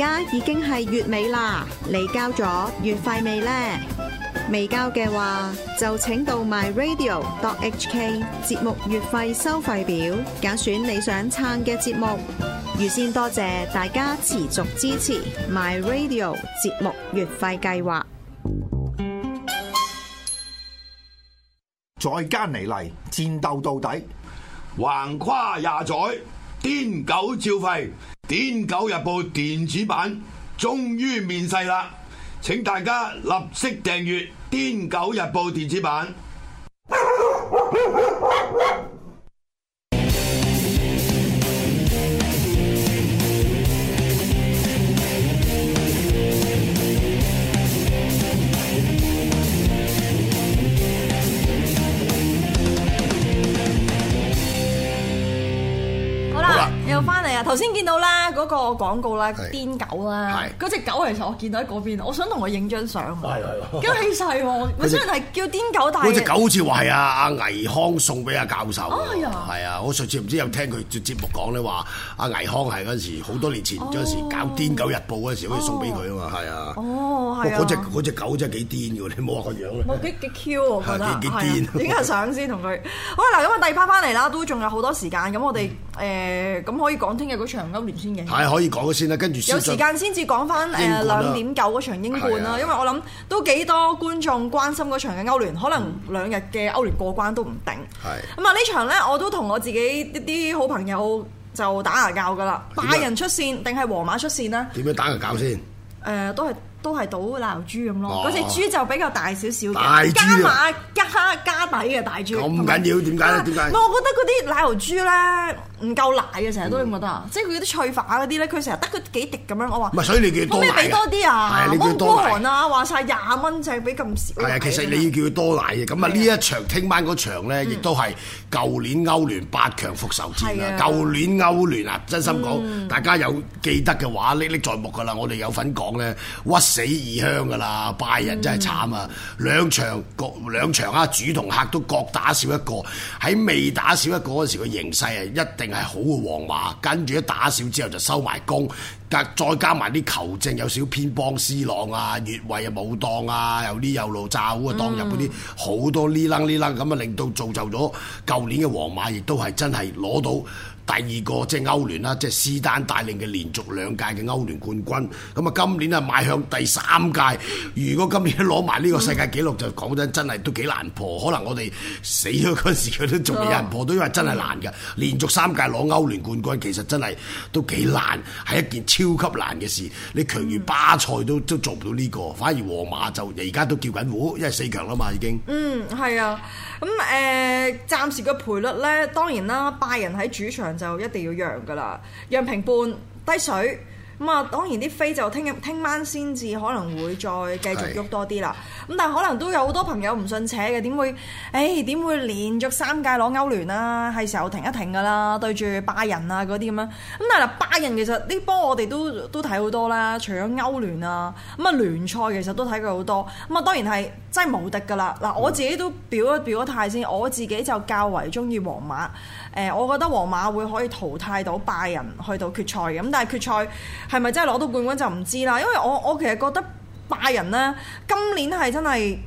而家已經係月尾啦，你交咗月費未呢？未交嘅話，就請到 myradio.hk 節目月費收費表，揀選你想撐嘅節目。預先多謝大家持續支持 myradio 節目月費計劃。再加你嚟，戰鬥到底，橫跨廿載，癲狗照吠。《癲狗日報》電子版終於面世喇，請大家立即訂閱《癲狗日報》電子版。 個廣告咧，癲是狗啦。嗰隻是狗其實我見到喺嗰邊，我想同佢影張相嘛，咁細喎，咪雖然係、啊、是叫癲狗，但係嗰隻狗好似話係啊，阿倪康送俾阿教授、啊，係啊，啊，我上次唔知有聽佢做節目講咧話，阿、啊、倪康係嗰陣時好多年前嗰陣、哦、時搞《癲狗日報》好嗰時可以送俾佢啊嘛，係啊。哦哦。嗰隻隻狗真係幾癲嘅喎，你冇話個樣。幾幾 Q 啊，我覺得。係幾癲。影下相先同佢？好啦，咁啊，第二班翻嚟啦，都仲有好多時間，咁我哋誒咁可以講聽日嗰場歐聯先嘅。係可以講先啦，跟住有時間先至講翻誒兩點九嗰場英冠啦，啊、因為我諗都幾多觀眾關心嗰場嘅歐聯，可能兩日嘅歐聯過關都唔定。係是。咁啊，呢場咧我都同我自己一啲好朋友就打牙教嘅啦。拜仁麼出線定係皇馬出線呢？點樣打牙教先？誒、呃，都係。都係倒奶牛豬咁咯，嗰隻、哦、豬就比較大少少，嘅、啊，加碼加加底嘅大豬。唔緊要？點解有？點解？啊、我覺得嗰啲奶牛豬咧～唔夠奶啊！成日都咁覺得啊，嗯、即係佢啲脆法嗰啲咧，佢成日得佢幾滴咁樣。我話唔係，所以你要多奶，咩俾多啲啊？汪多寒啊，話晒廿蚊就係俾咁少。係啊，其實你要叫佢多奶嘅，咁啊呢一場聽晚嗰場咧，亦都係舊年歐聯八強復仇戰係啊！舊年歐聯啊，真心講，大家有記得嘅話，歷歷、嗯嗯、在，在目㗎啦。我哋有份講咧，屈死異鄉㗎啦，拜仁真係慘啊！兩場各兩場啊，場主同客都各打少一個，喺未打少一個嗰時嘅形勢啊，一定。係好嘅皇馬，跟住，一打少之後就收埋工，格再加埋啲球證有少偏幫斯浪啊、越位啊、武當啊，有啲右路炸好嘅、啊、當入嗰啲，好多呢楞呢楞咁啊，令到造就咗舊年嘅皇馬，亦都係真係攞到。第二個即係歐聯啦，即係斯丹帶領嘅連續兩屆嘅歐聯冠軍，咁啊今年啊邁向第三屆。如果今年攞埋呢個世界紀錄，就講真的真係都幾難破。可能我哋死咗嗰陣時，佢都仲未有人破，都因為真係難嘅。連續三屆攞歐聯冠軍，其實真係都幾難，係一件超級難嘅事。你強如巴塞都都做唔到呢個，反而皇馬就而家都叫緊糊，哦，因為四強啦嘛已經嘛。嗯，係啊，咁誒、呃，暫時個賠率呢，當然啦，拜仁喺主場。就一定要讓噶啦，讓平半低水。咁啊，當然啲飛就聽日、聽晚先至可能會再繼續喐多啲啦。咁是但係可能都有好多朋友唔信邪嘅，點會？誒、哎、點會連續三屆攞歐聯啦、啊？係時候停一停㗎啦。對住拜仁啊嗰啲咁樣。咁但係啦，拜仁其實啲波我哋都都睇好多啦。除咗歐聯啊，咁啊聯賽其實都睇佢好多。咁啊當然係真係無敵㗎啦。嗱、嗯，我自己都表一表一態先。我自己就較為鍾意皇馬。誒、呃，我覺得皇馬會可以淘汰到拜仁去到決賽。咁但係決賽。係咪真係攞到冠軍就唔知啦？因為我我其實覺得拜仁呢，今年係真係。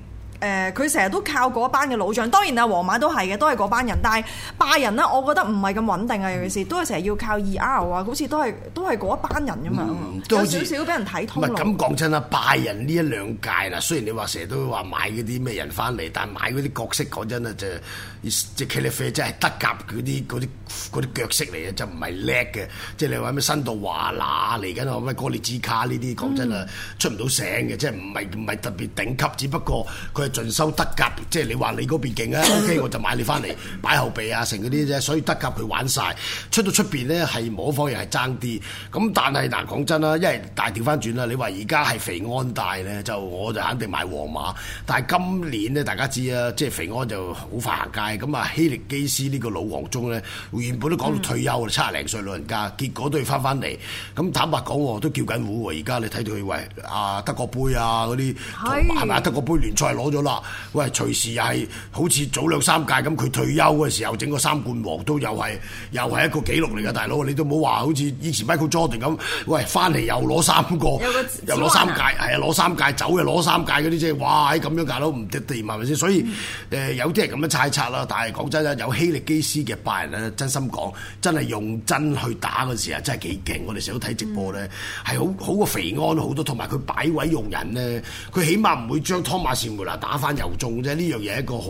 誒佢成日都靠嗰班嘅老將，當然啊皇馬都係嘅，都係嗰班人。但係拜仁呢，我覺得唔係咁穩定啊，尤其是都係成日要靠 E.R. 啊，好似都係都係嗰一班人咁樣，嗯、有少少俾人睇通，唔係咁講真啊，嗯、拜仁呢一兩屆啦，雖然你話成日都會話買嗰啲咩人翻嚟，但係買嗰啲角色講真啊、就是，就即係克里斯斐即係德甲嗰啲嗰啲嗰啲角色嚟嘅，就唔係叻嘅。即係、就是就是、你話咩新道華拿嚟緊啊咩哥列茲卡呢啲講真啊、嗯、出唔到聲嘅，即係唔係唔係特別頂級，只不過佢。盡 修德甲，即係你話你嗰邊勁啊 ？OK，我就買你翻嚟擺後備啊，成嗰啲啫。所以德甲佢玩晒，出到出面呢，係模仿方又係爭啲。咁但係嗱講真啦，因為大係調翻轉啦，你話而家係肥安帶咧，就我就肯定買皇馬。但係今年呢，大家知啊，即係肥安就好快行街。咁啊，希力基斯呢個老黃忠呢，原本都講到退休啦， 七十零歲老人家，結果都要翻翻嚟。咁坦白講，都叫緊鼓喎。而家你睇到佢為啊德國杯啊嗰啲，係咪德國杯聯賽攞咗？ 啦，喂，隨時又係好似早兩三屆咁，佢退休嘅時候整個三冠王，都又係又係一個紀錄嚟嘅，大佬，你都冇好話好似以前 Michael Jordan 咁，喂，翻嚟又攞三個，個又攞三屆，係啊，啊，攞三屆走嘅，攞三屆嗰啲啫，哇，咁樣，大佬唔得掂係咪先？嗯、所以誒、呃，有啲人咁樣猜測啦，但係講真有希力基斯嘅拜仁真心講，真係用真去打嗰時啊，真係幾勁，我哋成日都睇直播咧，係、嗯、好好過肥安好多，同埋佢擺位用人呢，佢起碼唔會將托馬士梅拿打。打翻由眾啫，呢樣嘢一個好，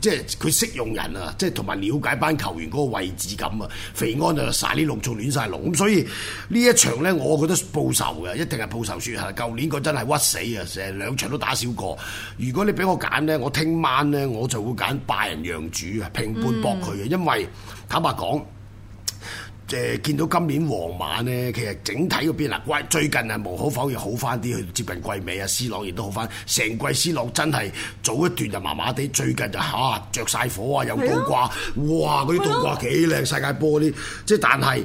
即係佢識用人啊，即係同埋了解班球員嗰個位置噉啊。肥安就曬啲路做亂晒龍，咁所以呢一場呢，我覺得報仇嘅，一定係報仇雪恨。舊年真係屈死啊，成兩場都打少個。如果你俾我揀呢，我聽晚呢，我就會揀拜仁讓主啊，平半搏佢啊，因為坦白講。誒見到今年皇馬咧，其實整體嗰邊啊，最近啊無可否認好翻啲，去接近季尾啊，C 朗亦都好翻。成季 C 朗真係早一段就麻麻地，最近就吓着晒火啊，有倒掛哇！嗰啲倒掛幾靚世界波啲，即係但係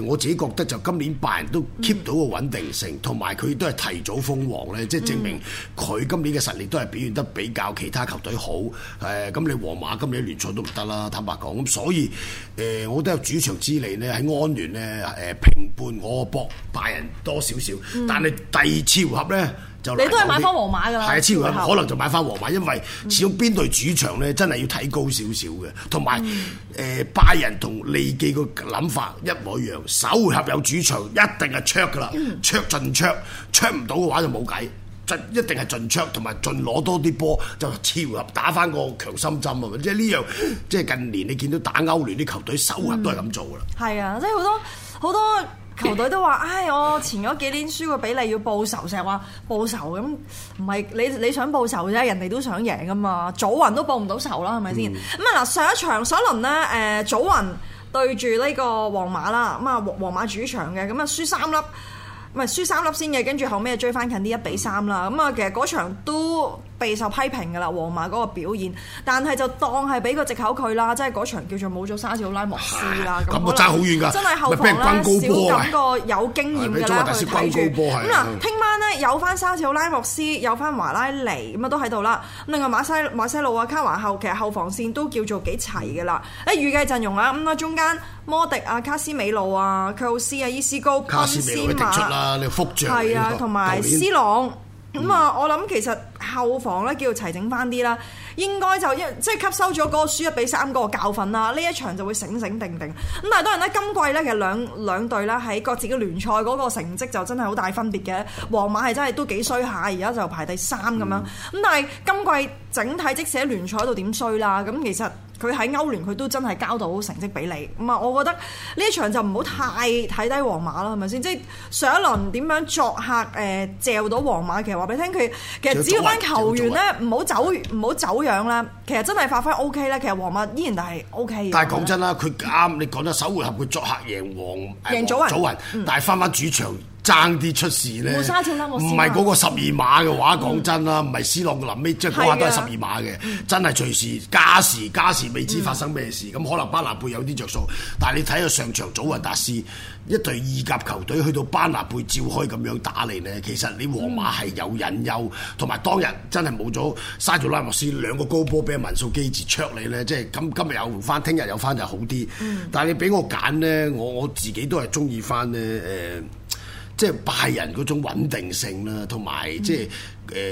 誒我自己覺得就今年拜仁都 keep 到個穩定性，同埋佢都係提早封王咧，即係證明佢今年嘅實力都係表現得比較其他球隊好。誒咁你皇馬今年嘅聯賽都唔得啦，坦白講。咁所以誒我都有主場之利。你喺安聯咧，誒、呃、平半我博拜仁多少少，嗯、但係第二次回合咧就你都係買翻皇馬㗎啦，係啊，次回合可能就買翻皇馬，嗯、因為始終邊隊主場咧、嗯、真係要睇高少少嘅，同埋誒拜仁同利記個諗法一模一樣，首回合有主場一定係 chock 㗎啦、嗯、chock 盡 chock，chock 唔到嘅話就冇計。一定係盡卓同埋盡攞多啲波，就超合打返個強心針啊！即係呢樣，即係近年你見到打歐聯啲球隊收入、嗯、都係咁做噶啦。係啊，即係好多好多球隊都話，唉，我前嗰幾年輸過俾你要報仇，成日話報仇咁，唔係你你想報仇啫，人哋都想贏噶嘛。祖雲都報唔到仇啦，係咪先？咁啊嗱，上一場上一輪咧，誒祖雲對住呢個皇馬啦，咁啊皇皇馬主場嘅，咁啊輸三粒。唔係輸三粒先嘅，跟住後尾追翻近啲一比三啦。咁啊，其實嗰場都～備受批評嘅啦，皇馬嗰個表現，但係就當係俾個藉口佢啦，即係嗰場叫做冇咗沙士奧拉莫斯啦，咁咯唉，真係後防啦，少咁個有經驗嘅咧去睇住。咁啊，聽晚咧有翻沙士奧拉莫斯，有翻華拉尼，咁啊都喺度啦。咁另外馬西馬西路、啊、卡華後，其實後防線都叫做幾齊嘅啦。誒，預計陣容啊，咁啊中間摩迪啊、卡斯美路啊、卡魯斯啊、伊斯高賓施馬啦，你係啊，同埋 C 朗。咁啊，嗯嗯、我諗其實後防咧，叫齊整翻啲啦，應該就一即係吸收咗嗰個輸一比三嗰個教訓啦。呢一場就會醒醒定定。咁但係當然啦，今季咧其實兩兩隊咧喺各自嘅聯賽嗰個成績就真係好大分別嘅。皇馬係真係都幾衰下，而家就排第三咁樣。咁、嗯、但係今季整體即使喺聯賽度點衰啦，咁其實。佢喺歐聯佢都真係交到成績俾你，咁啊，我覺得呢場就唔好太睇低皇馬啦，係咪先？即係上一輪點樣作客誒借、呃、到皇馬，其實話俾你聽，佢其實只要班球員咧唔好走唔好走，走樣啦，其實真係發揮 OK 啦。其實皇馬依然都係 OK 嘅。但係講真啦，佢啱、嗯、你講得首回合佢作客贏皇、呃、贏祖雲，但係翻翻主場。嗯嗯爭啲出事咧，唔係嗰個十二碼嘅話，講、嗯、真啦，唔係斯浪臨尾即係掛都係十二碼嘅，嗯、真係隨時加時加時未知發生咩事。咁、嗯、可能班拿貝有啲着數，但係你睇下上場祖雲達斯一隊二甲球隊去到班拿貝照開咁樣打嚟咧，其實你皇馬係有隱憂，同埋、嗯、當日真係冇咗沙祖拉莫斯兩個高波俾文素基治灼你咧，即、就、係、是、今今日有翻，聽日有翻就好啲。嗯、但係你俾我揀咧，我我自己都係中意翻咧，誒、呃。呃即係拜仁嗰種穩定性啦，同埋即係誒、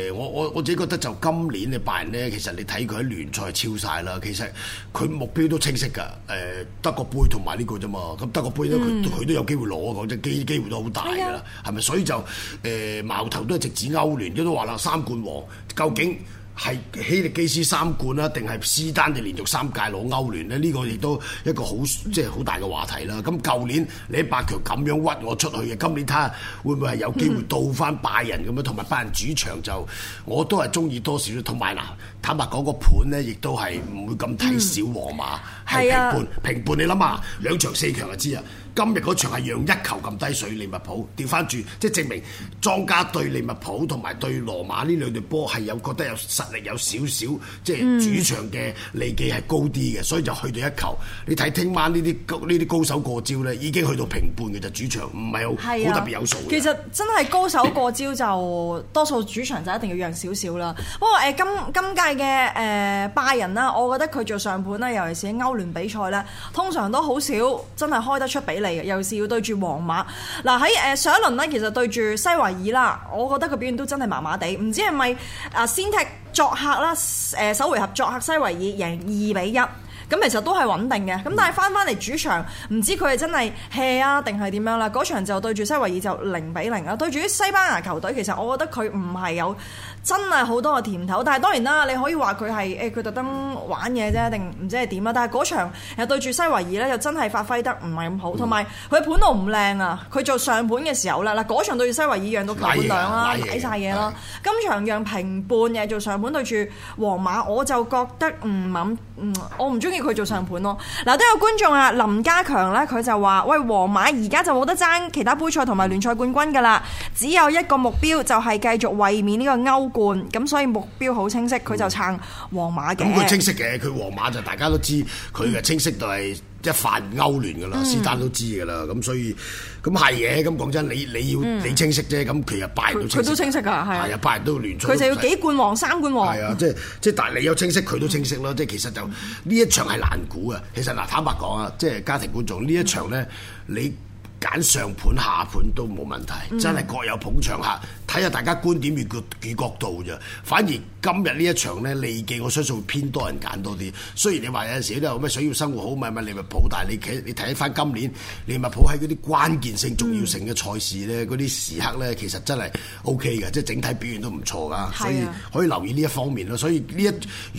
呃，我我我自己覺得就今年嘅拜仁咧，其實你睇佢喺聯賽超晒啦，其實佢目標都清晰㗎。誒、呃，德國杯同埋呢個啫嘛，咁德國杯咧，佢佢、嗯、都有機會攞，講真機機會都好大㗎啦，係咪、嗯？所以就誒，矛、呃、頭都係直指歐聯，都話啦三冠王究竟。係希力基斯三冠啦，定係斯丹哋連續三屆攞歐聯呢？呢、呢個亦都一個好即係好大嘅話題啦。咁舊年你喺八強咁樣屈我出去嘅，今年睇下會唔會係有機會到翻拜仁咁樣，同埋拜仁主場就我都係中意多少少。同埋嗱，坦白講個盤呢，亦都係唔會咁睇小皇馬係平盤、啊，平盤，你諗下兩場四強就知啊。今日嗰場係讓一球咁低水利物浦，調翻轉即係證明莊家對利物浦同埋對羅馬呢兩隊波係有覺得有實力有少少，即係主場嘅利記係高啲嘅，嗯、所以就去到一球。你睇聽晚呢啲高呢啲高手過招咧，已經去到平半嘅就主場唔係好好特別有數嘅。其實真係高手過招就 多數主場就一定要讓少少啦。不過誒今今屆嘅誒、呃、拜仁啦，我覺得佢做上盤啦，尤其是喺歐聯比賽咧，通常都好少真係開得出比例嘅，尤其是要對住皇馬嗱，喺誒上一輪呢，其實對住西維爾啦，我覺得佢表現都真係麻麻地，唔知係咪啊先踢。作客啦，誒、呃、首回合作客西維爾贏二比一，咁其實都係穩定嘅。咁但係翻翻嚟主場，唔知佢係真係 hea 啊，定係點樣啦？嗰場就對住西維爾就零比零啦。對住西班牙球隊，其實我覺得佢唔係有。真係好多個甜頭，但係當然啦，你可以話佢係誒佢特登玩嘢啫，定唔知係點啊。但係嗰場又對住西維爾呢，又真係發揮得唔係咁好，同埋佢盤路唔靚啊！佢做上盤嘅時候咧，嗱嗰場對住西維爾讓到球半兩啦，買曬嘢咯。今場讓平半嘅做上盤對住皇馬，我就覺得唔諗、嗯嗯，我唔中意佢做上盤咯。嗱，都有觀眾啊，林家強呢，佢就話：喂，皇馬而家就冇得爭其他杯賽同埋聯賽冠軍噶啦，嗯、只有一個目標就係繼續衛冕呢個歐。冠咁、嗯、所以目標好清晰，佢就撐皇馬嘅。咁佢、嗯、清晰嘅，佢皇馬就係、大家都知，佢嘅清晰就係一犯歐聯噶啦，嗯、斯丹都知噶啦。咁所以咁係嘅。咁講、啊、真，你你要你清晰啫。咁其實拜都佢都清晰㗎，係、嗯、啊，拜仁都聯出。佢就要幾冠皇三冠王。係、嗯、啊，即係即係，但係你有清晰，佢都清晰咯。即係其實就呢一場係難估啊。其實嗱，坦白講啊，即係家庭觀眾呢一場咧，你。嗯揀上盤下盤都冇問題，嗯、真係各有捧場客，睇下大家觀點與角與角度啫。反而今日呢一場咧，利記我相信會偏多人揀多啲。雖然你話有陣時都有咩想要生活好，咪咪利物浦，但係你睇你睇翻今年利物浦喺嗰啲關鍵性、重要性嘅賽事呢，嗰啲、嗯、時刻呢，其實真係 O K 嘅，即係整體表現都唔錯噶，所以可以留意呢一方面咯。所以呢一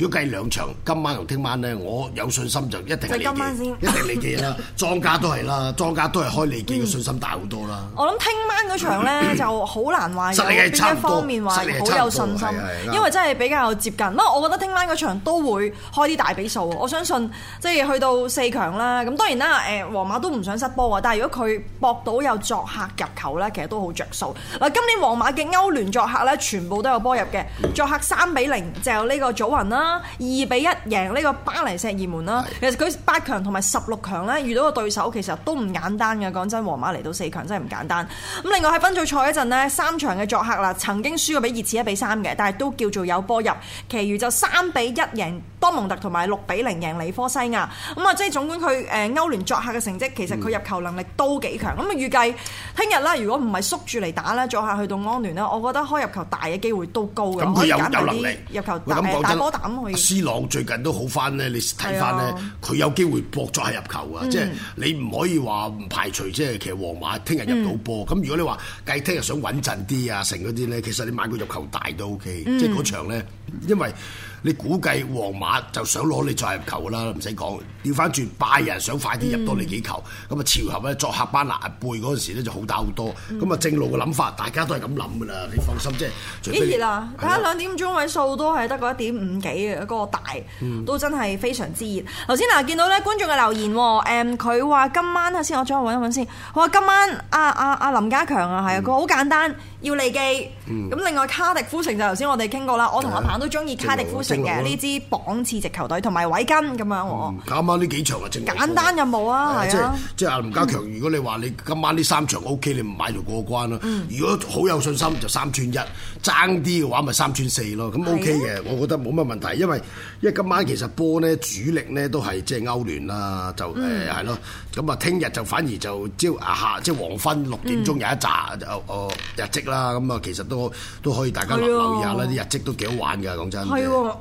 如果計兩場，今晚同聽晚呢，我有信心就一定利記，今晚先一定利記莊啦。莊家都係啦，莊家都係開利。信心大好多啦！嗯、我諗聽晚嗰場呢 就好難話邊一方面話好有信心，對對對，因為真係比較接近。不過我覺得聽晚嗰場都會開啲大比數。我相信即係去到四強啦。咁當然啦，誒、欸、皇馬都唔想失波啊。但係如果佢博到有作客入球呢，其實都好着數。嗱，今年皇馬嘅歐聯作客呢，全部都有波入嘅。作客三比零就有呢個祖雲啦，二比一贏呢個巴黎聖二門啦。對 其實佢八強同埋十六強呢，遇到嘅對手，其實都唔簡單嘅。講真。皇馬嚟到四強真係唔簡單，咁另外喺分組賽一陣呢，三場嘅作客啦，曾經輸過俾熱刺一比三嘅，但係都叫做有波入，其餘就三比一贏。多蒙特同埋六比零贏利科西亞，咁啊即係總管佢誒歐聯作客嘅成績，其實佢入球能力都幾強。咁啊預計聽日啦，如果唔係縮住嚟打咧，作客去到安聯咧，我覺得開入球大嘅機會都高嘅，可以減埋啲入球大大波膽去。C 朗最近都好翻咧，你睇翻咧，佢有機會搏咗係入球嘅，即係你唔可以話唔排除即係其實皇馬聽日入到波。咁如果你話計聽日想穩陣啲啊，成嗰啲咧，其實你買佢入球大都 OK，即係嗰場咧，因為。你估計皇馬就想攞你再入球啦，唔使講。調翻轉拜仁想快啲入到你幾球，咁啊、嗯、朝後咧作客班拿貝嗰陣時咧就好打好多。咁啊、嗯、正路嘅諗法，大家都係咁諗噶啦，哦、你放心即係。熱熱麼啊！睇下兩點鐘位數都係得個一點五幾嘅嗰個大，嗯、都真係非常之熱。頭先嗱，見到咧觀眾嘅留言，誒佢話今晚啊先，我再揾一揾先。佢話今晚阿阿阿林家強啊，係啊，佢好簡單，要利記。咁、嗯、另外卡迪夫城就頭先我哋傾過啦，我同阿鵬都中意卡迪夫城。啊啊啊呢支榜次直球隊同埋韋根咁樣啱啱呢幾場係正，簡單任務啊，即係即係阿林家強，如果你話你今晚呢三場 O K，你唔買就過關啦。如果好有信心就三串一，爭啲嘅話咪三串四咯。咁 O K 嘅，我覺得冇乜問題，因為因為今晚其實波咧主力咧都係即係歐聯啦，就誒係咯。咁啊，聽日就反而就朝啊下即係黃昏六點鐘有一紮就哦日績啦。咁啊，其實都都可以大家留留意下啦。啲日績都幾好玩㗎，講真。係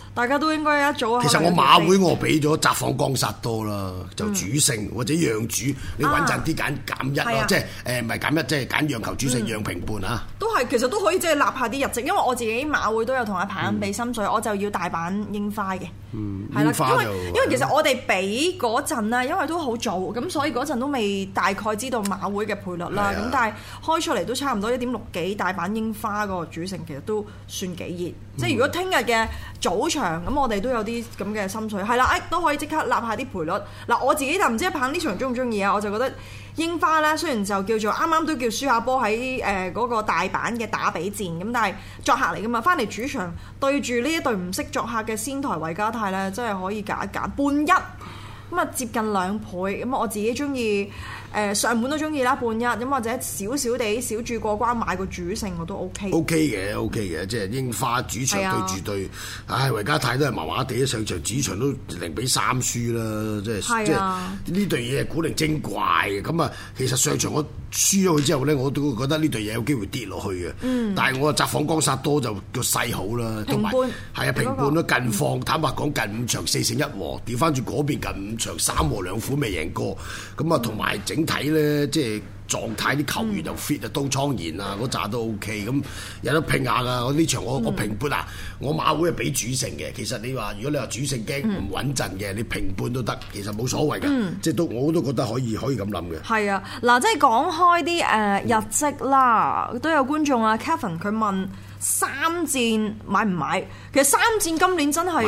大家都應該一早啊。其實我馬會我俾咗札幌岡薩多啦，就主勝或者讓主，你穩陣啲揀減一咯，即係誒唔係減一，即係揀讓球主勝讓平半啊。都係，其實都可以即係立下啲入籍，因為我自己馬會都有同阿鵬人俾心水，我就要大阪櫻花嘅。嗯，係啦，因為因為其實我哋俾嗰陣咧，因為都好早，咁所以嗰陣都未大概知道馬會嘅賠率啦。咁但係開出嚟都差唔多一點六幾，大阪櫻花個主勝其實都算幾熱。即係如果聽日嘅早場。咁我哋都有啲咁嘅心水，係啦，都可以即刻立下啲賠率。嗱，我自己就唔知鵬呢場中唔中意啊，我就覺得櫻花咧，雖然就叫做啱啱都叫輸下波喺誒嗰個大阪嘅打比戰，咁但係作客嚟噶嘛，翻嚟主場對住呢一隊唔識作客嘅仙台維加泰咧，真係可以揀一揀半一，咁啊接近兩倍，咁我自己中意，誒上門都中意啦，半一咁或者少少地小注過關買個主勝我都 OK。OK 嘅，OK 嘅、okay，即係櫻花主場對住對，唉、哎、維加泰都係麻麻地，上場主場都零比三輸啦，即係的即呢隊嘢係古靈精怪嘅。咁啊，其實上場我輸咗佢之後呢，我都覺得呢隊嘢有機會跌落去嘅。但係我札幌岡薩多就叫勢好啦，同埋啊平半都近況方，QL 坦白講近五場四勝一、哦、和，掉翻住嗰邊近五場三和兩負未贏過，咁啊同埋整。睇咧，即係狀態啲球員就 fit 啊、嗯，刀槍劍啊，嗰扎都 O K，咁有得拼下噶。我呢場我、嗯、我平半啊，我馬會係俾主勝嘅。其實你話如果你話主勝驚唔穩陣嘅，嗯、你平半都得，其實冇所謂嘅，嗯、即係都我都覺得可以可以咁諗嘅。係啊，嗱，即係講開啲誒日職啦，都有觀眾啊，Kevin 佢問。三戰買唔買？其實三戰今年真係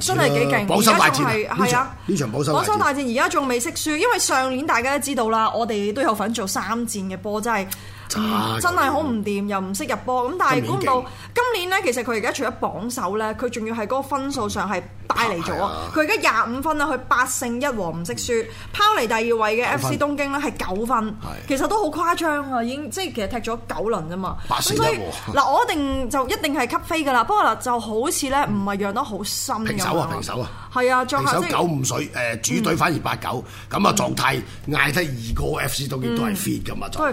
真係幾勁，而家仲係係啊！呢場榜首大戰，而家仲未識輸，因為上年大家都知道啦，我哋都有份做三戰嘅波，真係。真係好唔掂，又唔識入波。咁但係估唔到今年呢，其實佢而家除咗榜首呢，佢仲要係嗰個分數上係帶嚟咗。佢而家廿五分啦，佢八勝一和唔識輸。拋離第二位嘅 F.C. 東京呢，係九分，其實都好誇張啊！已經即係其實踢咗九輪啫嘛。八勝一和嗱，我一定就一定係吸飛㗎啦。不過嗱，就好似呢，唔係讓得好深咁樣。平手啊，平手啊。係啊，再下平手九五水誒，主隊反而八九咁啊，狀態嗌得二個 F.C. 東京都係 fit 㗎嘛，都係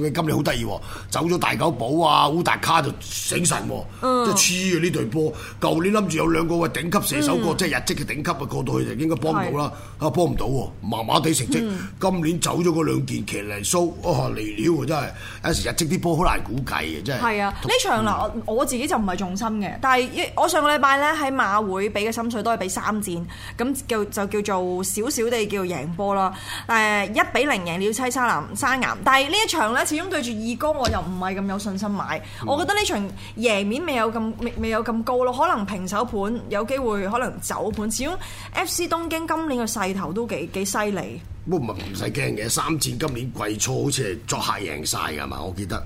佢今年好得意走咗大久保啊，烏達卡就醒神喎，即係黐啊呢隊波。舊年諗住有兩個話頂級射手個，嗯、即係日職嘅頂級啊，過到去就應該幫到啦，是啊幫唔到，麻麻地成績，嗯、今年走咗嗰兩件騎泥蘇，啊、哦、嚟料真係有時日職啲波好難估計啊，真係係啊，呢同場嗱，嗯、我自己就唔係重心嘅，但係我上個禮拜咧喺馬會俾嘅心水都係俾三戰，咁叫就叫做少少哋叫贏波啦。但係一比零贏了西沙南沙岩，但係呢一場咧。始終對住二哥我又唔係咁有信心買，嗯、我覺得呢場贏面未有咁未未有咁高咯，可能平手盤有機會，可能走盤。始終 F.C. 東京今年嘅勢頭都幾幾犀利。唔唔唔使驚嘅，三戰今年季初好似係作客贏晒㗎嘛，我記得。誒、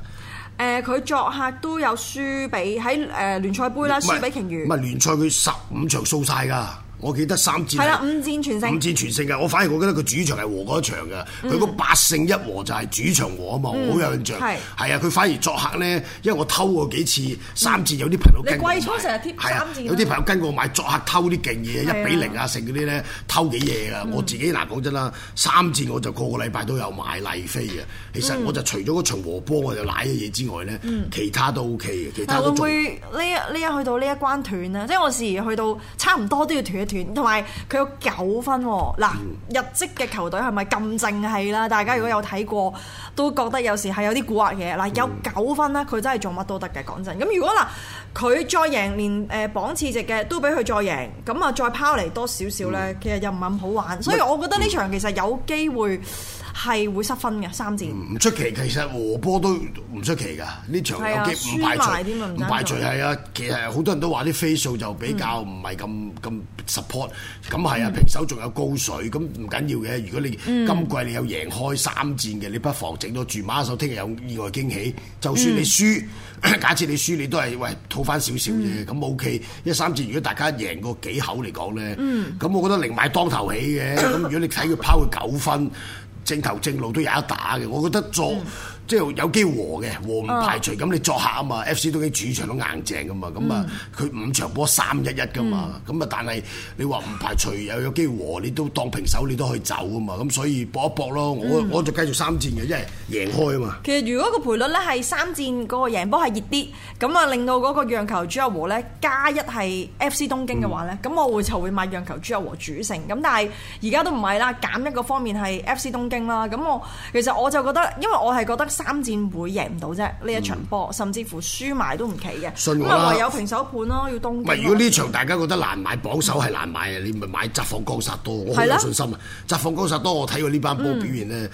呃，佢作客都有輸俾喺誒聯賽杯啦，輸俾瓊宇。唔係聯賽佢十五場輸晒㗎。我記得三戰係啦，五戰全勝。五戰全勝嘅，我反而我覺得佢主場係和嗰場嘅，佢個八勝一和就係主場和啊嘛，我好有印象。係啊，佢反而作客咧，因為我偷過幾次三戰，有啲朋友。你季初成日貼三戰。有啲朋友跟過我買作客偷啲勁嘢，一比零啊，剩嗰啲咧偷幾嘢㗎。我自己嗱，講真啦，三戰我就個個禮拜都有買麗飛嘅。其實我就除咗嗰場和波我就賴嘢之外咧，其他都 O K 嘅。其會會呢一呢一去到呢一關斷啊！即係我時而去到差唔多都要斷。同埋佢有九分喎、哦，嗱日職嘅球隊係咪咁正氣啦？大家如果有睇過，都覺得有時係有啲蠱惑嘢。嗱，有九分啦，佢真係做乜都得嘅。講真，咁如果嗱。佢再贏連誒榜次席嘅都俾佢再贏，咁啊再拋嚟多少少咧，其實又唔係咁好玩。所以我覺得呢場其實有機會係會失分嘅三戰。唔出奇，其實和波都唔出奇噶。呢場有機唔排除，唔排除係啊。其實好多人都話啲飛數就比較唔係咁咁 support。咁係啊，平手仲有高水，咁唔緊要嘅。如果你今季你有贏開三戰嘅，你不妨整多注馬一手。聽日有意外驚喜，就算你輸，假設你輸，你都係喂。好翻少少啫，咁 O K，一三字如果大家贏過幾口嚟講咧，咁我覺得寧買當頭起嘅，咁如果你睇佢拋佢九分正頭正路都有得打嘅，我覺得做。 即係有機會和嘅和唔排除，咁你作客啊嘛，FC 東京主場都硬淨噶嘛，咁啊佢五場波三一一噶嘛，咁啊但係你話唔排除又有機會和，你都當平手你都可以走啊嘛，咁所以搏一搏咯，我我就繼續三戰嘅，因為贏開啊嘛。其實如果個賠率咧係三戰嗰個贏波係熱啲，咁啊令到嗰個讓球主客和咧加一係 FC 東京嘅話咧，咁我會就會買讓球主客和主勝，咁但係而家都唔係啦，減一個方面係 FC 東京啦，咁我其實我就覺得，因為我係覺得。三戰會贏唔到啫，呢一場波，嗯、甚至乎輸埋都唔奇嘅。信我，唯有平手盤咯，要當。唔係如果呢場大家覺得難買榜首係難買啊，嗯、你咪買側放光煞多。我好有信心啊，側放光煞多。我睇過呢班波表現咧，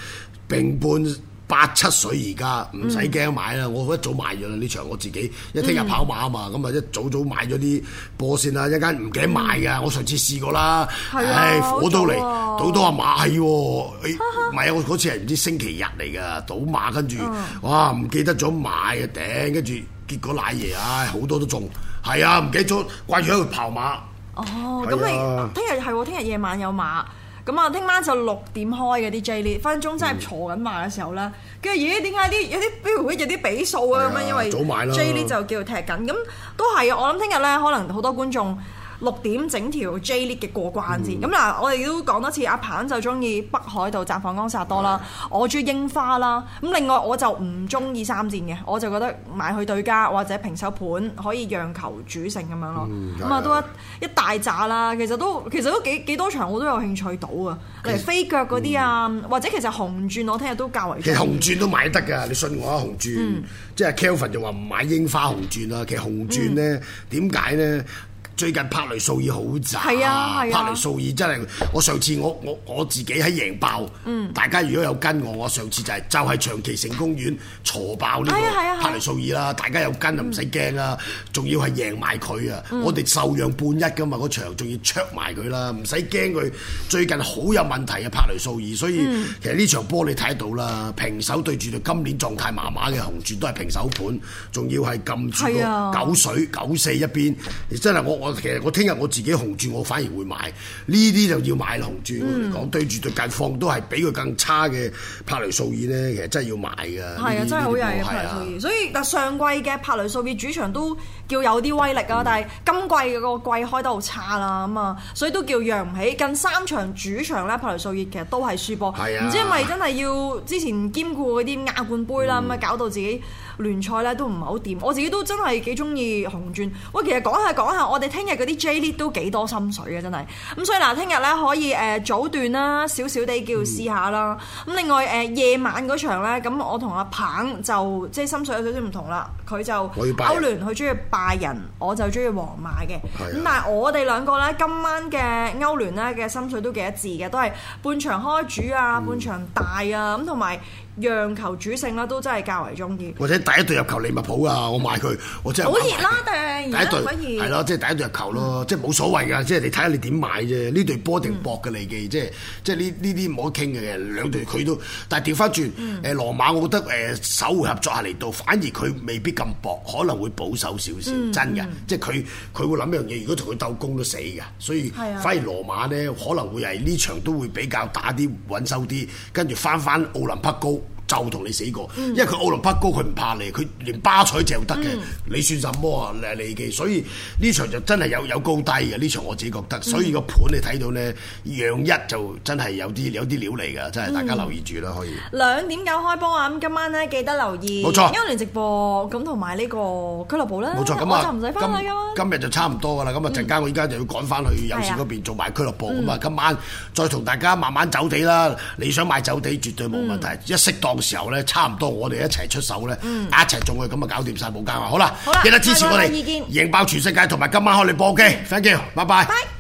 平盤、嗯。八七水而家唔使驚買啦，我一早買咗啦呢場，我自己一聽日跑馬嘛，咁啊一早早買咗啲波先啦，一間唔記得買噶，我上次試過啦，唉，火都嚟，賭到啊馬氣喎，唔係啊，我嗰次係唔知星期日嚟噶，賭馬跟住，哇唔記得咗買啊頂，跟住結果賴嘢，啊，好多都中，係啊唔記得咗，掛住喺度跑馬。哦，咁你聽日係喎，聽日夜晚有馬。咁啊，聽晚就六點開嘅啲 J League，反正中真係坐緊買嘅時候咧，跟住咦點解啲有啲 b l o 有啲比，比數啊咁樣，的因為 J League 就叫做踢緊，咁都係啊！我諗聽日咧，可能好多觀眾。六點整條 J League 嘅過關先咁嗱，我哋都講多次，阿鵬就中意北海道、札幌岡薩多啦，我中意櫻花啦。咁另外我就唔中意三戰嘅，我就覺得買佢對家或者平手盤可以讓球主勝咁樣咯。咁啊、嗯、都一一大扎啦，其實都其實都幾幾多場我都有興趣到啊，例如飛腳嗰啲啊，嗯、或者其實紅鑽我聽日都較為，其實紅鑽都買得㗎，你信我啊紅鑽，嗯、即係 Kelvin 就話唔買櫻花紅鑽啦，其實紅鑽咧點解咧？最近帕雷素爾好渣，啊啊、帕雷素爾真係，我上次我我我自己喺贏爆，嗯、大家如果有跟我，我上次就係就係長期成功遠挫爆呢個帕雷素爾啦。嗯、大家有跟就啊，唔使驚啊，仲要係贏埋佢啊。我哋受讓半一㗎嘛，個場仲要 chock 埋佢啦，唔使驚佢最近好有問題啊。帕雷素爾，所以其實呢場波你睇得到啦，平手對住就今年狀態麻麻嘅紅鑽都係平手盤，仲要係撳住個九水九四、嗯嗯、一邊，真係我。我其實我聽日我自己紅注，我反而會買呢啲就要買啦。紅注、嗯、我嚟講，對住對近況都係比佢更差嘅帕雷素爾咧，其實真係要買噶。係啊，些真係好弱嘅帕雷素爾。所以嗱，上季嘅帕雷素爾主場都叫有啲威力啊！但係今季個季開得好差啦，咁啊，所以都叫揚唔起。近三場主場咧，柏雷素爾其實都係輸波，唔是、啊、知係咪真係要之前兼顧嗰啲亞冠杯啦，咁啊搞到自己聯賽咧都唔係好掂。我自己都真係幾中意紅鑽。喂，其實講下講下，我哋聽日嗰啲 J 聯都幾多心水啊，真係咁。所以嗱，聽日咧可以誒早段啦，少少地叫試下啦。咁、嗯、另外誒夜晚嗰場咧，咁我同阿彭就即係心水有少少唔同啦。佢就要歐聯，佢中意白拜仁，我就中意皇馬嘅，咁是的 但係我哋兩個呢，今晚嘅歐聯呢嘅心水都幾一致嘅，都係半場開主啊，嗯、半場大啊，咁同埋。讓球主勝啦，都真係較為鍾意。或者第一隊入球利物浦啊，我買佢，我真係好熱啦！第一隊，好熱，係咯，即係第一隊入球咯，嗯、即係冇所謂㗎，即係你睇下你點買啫。呢對波定搏嘅嚟嘅，即係即係呢呢啲唔好傾嘅嘅。兩隊佢都，嗯、但係調翻轉，誒、嗯、羅馬，我覺得誒首回合作下嚟到，反而佢未必咁搏，可能會保守少少，真嘅。即係佢佢會諗一樣嘢，如果同佢鬥攻都死嘅，所以反而羅馬呢，可能會係呢場都會比較打啲穩守啲，跟住翻翻奧林匹高。就同你死過，嗯、因為佢奧林匹高，佢唔怕你，佢連巴彩掟得嘅，嗯、你算什麼啊？你嘅，所以呢場就真係有有高低嘅。呢場我自己覺得，所以個盤你睇到呢，讓一就真係有啲有啲料嚟㗎，真係、嗯、大家留意住啦。可以兩點九開波啊！咁今晚呢，記得留意，冇錯，歐聯直播咁同埋呢個俱樂部咧，冇錯咁啊今今，今日就差唔多噶啦。咁啊、嗯，陣間我依家就要趕翻去有線嗰邊做埋俱樂部咁啊。嗯、今晚再同大家慢慢走地啦。你想買走地絕對冇問題，一適當嗯時候咧，差唔多我哋一齊出手咧，嗯、一齊中嘅咁啊，搞掂晒冇間啊！好啦，好啦，記得支持我哋，贏爆全世界，同埋今晚開你波機，Thank you，拜拜。